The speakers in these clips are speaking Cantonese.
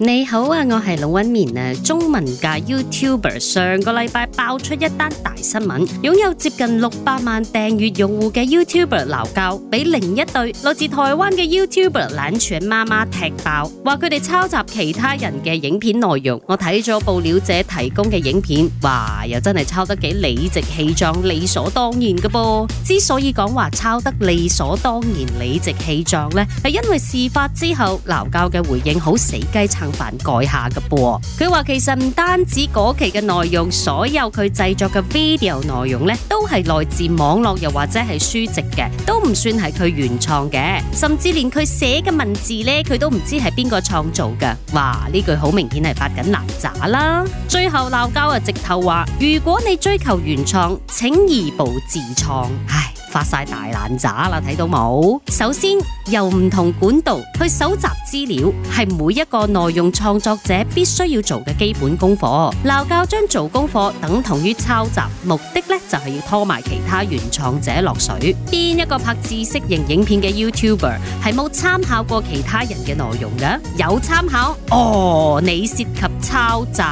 你好啊，我係老溫綿啊，中文界 YouTuber。上個禮拜爆出一單大新聞，擁有接近六百萬訂閱用戶嘅 YouTuber 老高，俾另一對來自台灣嘅 YouTuber 藍泉媽媽踢爆，話佢哋抄襲其他人嘅影片內容。我睇咗報料者提供嘅影片，哇，又真係抄得幾理直氣壯，理所當然嘅噃。之所以講話抄得理所當然、理直氣壯呢，係因為事發之後老高嘅回應好死雞撐。翻改下嘅噃，佢話 其實唔單止嗰期嘅內容，所有佢製作嘅 video 內容咧，都係來自網絡又或者係書籍嘅，都唔算係佢原創嘅，甚至連佢寫嘅文字呢，佢都唔知係邊個創造嘅。哇，呢句好明顯係發緊爛渣啦。最後鬧交啊，直頭話如果你追求原創，請移步自創。唉。晒大爛渣啦，睇到冇？首先由唔同管道去搜集資料，係每一個內容創作者必須要做嘅基本功課。老高將做功課等同於抄襲，目的呢就係、是、要拖埋其他原創者落水。邊一個拍知識型影片嘅 YouTuber 係冇參考過其他人嘅內容嘅？有參考哦，你涉及。抄襲，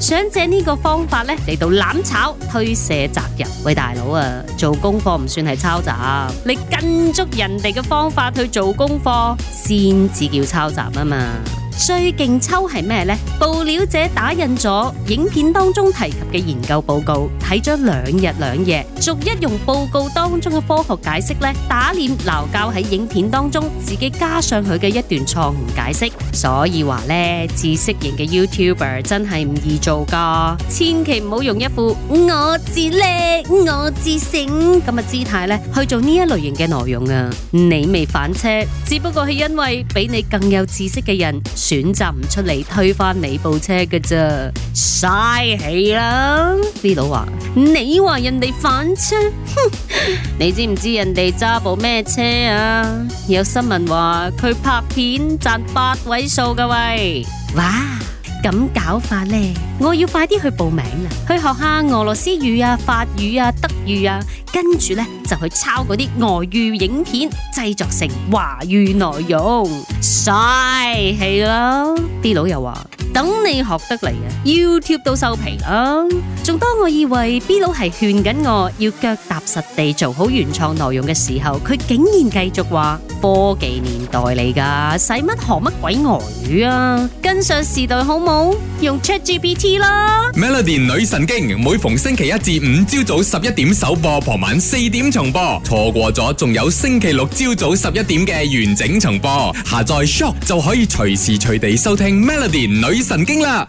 想借呢個方法咧嚟到攬炒推卸責任。喂，大佬啊，做功課唔算係抄襲，你跟足人哋嘅方法去做功課先至叫抄襲啊嘛！最勁抽係咩呢？報料者，打印咗影片當中提及嘅研究報告，睇咗兩日兩夜，逐一用報告當中嘅科學解釋咧，打臉老高喺影片當中自己加上佢嘅一段錯誤解釋。所以話咧，知識型嘅 YouTuber 真係唔易做噶，千祈唔好用一副我自叻。我自醒，咁嘅姿態咧，去做呢一類型嘅內容啊！你未反車，只不過係因為比你更有知識嘅人選擇唔出嚟推翻你部車嘅啫，嘥氣啦！呢佬話你話人哋反車， 你知唔知人哋揸部咩車啊？有新聞話佢拍片賺八位數嘅喂，哇！咁搞法呢，我要快啲去報名啦，去學下俄羅斯語啊、法語啊、德語啊，跟住呢，就去抄嗰啲外語影片，製作成華語內容，犀氣咯！老高又話。等你學得嚟啊！YouTube 都收皮啦！仲當我以為 B 佬係勸緊我要腳踏實地做好原創內容嘅時候，佢竟然繼續話：科技年代嚟噶，使乜學乜鬼外語啊？跟上時代好冇？用 ChatGPT 啦！」Melody 女神經每逢星期一至五朝早十一點首播，傍晚四點重播，錯過咗仲有星期六朝早十一點嘅完整重播。下載 Shock 就可以隨時隨地收聽 Melody 女神經啦！